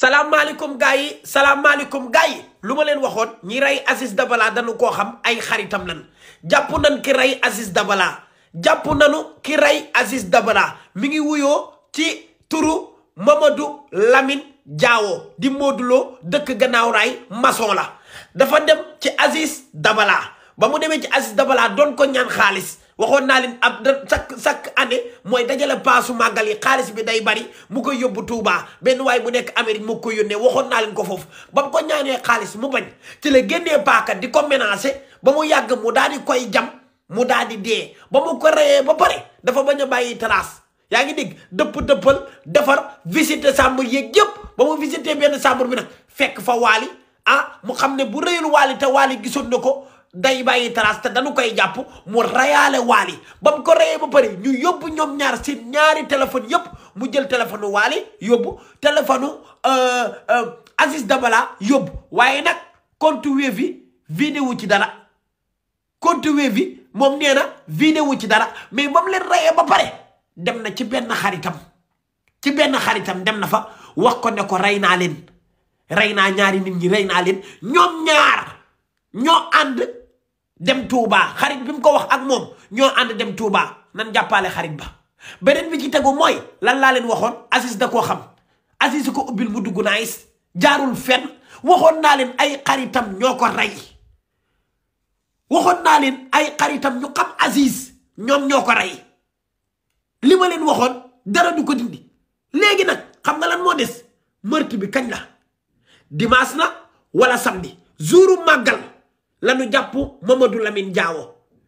salaamaaleykum gars yi salaamaaleykum gars yi lu ma leen waxoon ñi rey Aziz Dabala dañu koo xam ay xaritam lan jàpp nañ ki rey Aziz Dabala jàpp nañu ki rey Aziz Dabala mi ngi wuyoo ci turu Mamadou Lamine Diawo di Modou dëkk gannaaw raay maçon la dafa dem ci Aziz Dabala ba mu demee ci Aziz Dabala doon ko ñaan xaalis waxoon naa leen ab chaque chaque année mooy dajale paasu màggal yi xaalis bi day bari mu koy yóbbu Touba benn waay bu nekk Amérique mu ko yónnee waxoon naa ko foofu ba mu ko ñaanee xaalis mu bañ ci la génnee paaka di ko menacer ba mu yàgg mu daal di koy jam mu daal di dee ba mu ko reyee ba pare dafa bañ a bàyyi trace yaa ngi digg dëpp dëppal defar visiter chambre yeeg yëpp ba mu visiter benn chambre bi nag fekk fa waali ah mu xam ne bu rëyul waali te waali gisoon na ko. day bàyyi trace te dañu koy jàpp mu rayaale waali ba mu ko rayee ba pare ñu yóbbu ñoom ñaar seen ñaari téléphone yépp mu jël téléphone waali yóbbu téléphone euh, euh, Aziz Dabala yóbbu waaye nag compte Wave yi vidéo ci dara compte Wave yi moom nee na vidéo ci dara mais ba mu leen rayee ba pare dem na ci benn xaritam ci benn xaritam dem na fa wax ko ne ko rey naa leen rey naa ñaari nit ñi rey naa leen ñoom ñaar ñoo ànd dem Touba xarit bi mu ko wax ak moom ñoo ànd dem Touba nan jàppale xarit ba beneen bi ci tegu mooy lan laa leen waxoon Aziz da koo xam Aziz ko ubbil mu dugg naayis jaarul fenn waxoon naa leen ay xaritam ñoo ko rey waxoon naa leen ay xaritam ñu xam ñoom ñoo ko rey li ma leen waxoon dara du ko dindi léegi nag xam nga lan moo des meurtre bi kañ la dimanche na wala samedi jouru màggal lanu jàpp Mamadou Lamine Diawo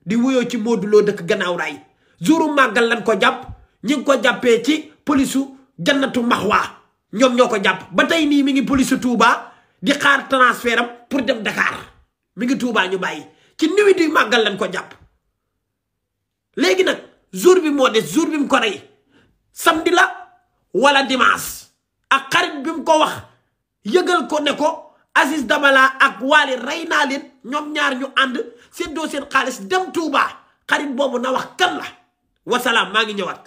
di wuyoo ci Modou Lo dëkk gannaaw raay juru màggal lan ko jàpp ñi ngi ko jàppee ci polisu jannatu maxwaa ñoom ñoo ko jàpp ba tey nii mi ngi polisu Touba di xaar transfert pour dem Dakar mi ngi Touba ñu bàyyi ci niwi di màggal lan ko jàpp léegi nag jour bi moo de jour bi mu ko rey samedi la wala dimanche ak xarit bi mu ko wax yëgal ko ne ko Aziz Dabala ak Waly rey naa leen ñoom ñaar ñu ànd séddoo seen xaalis dem Touba xarit boobu na wax kan la wasalaam maa ngi ñëwaat.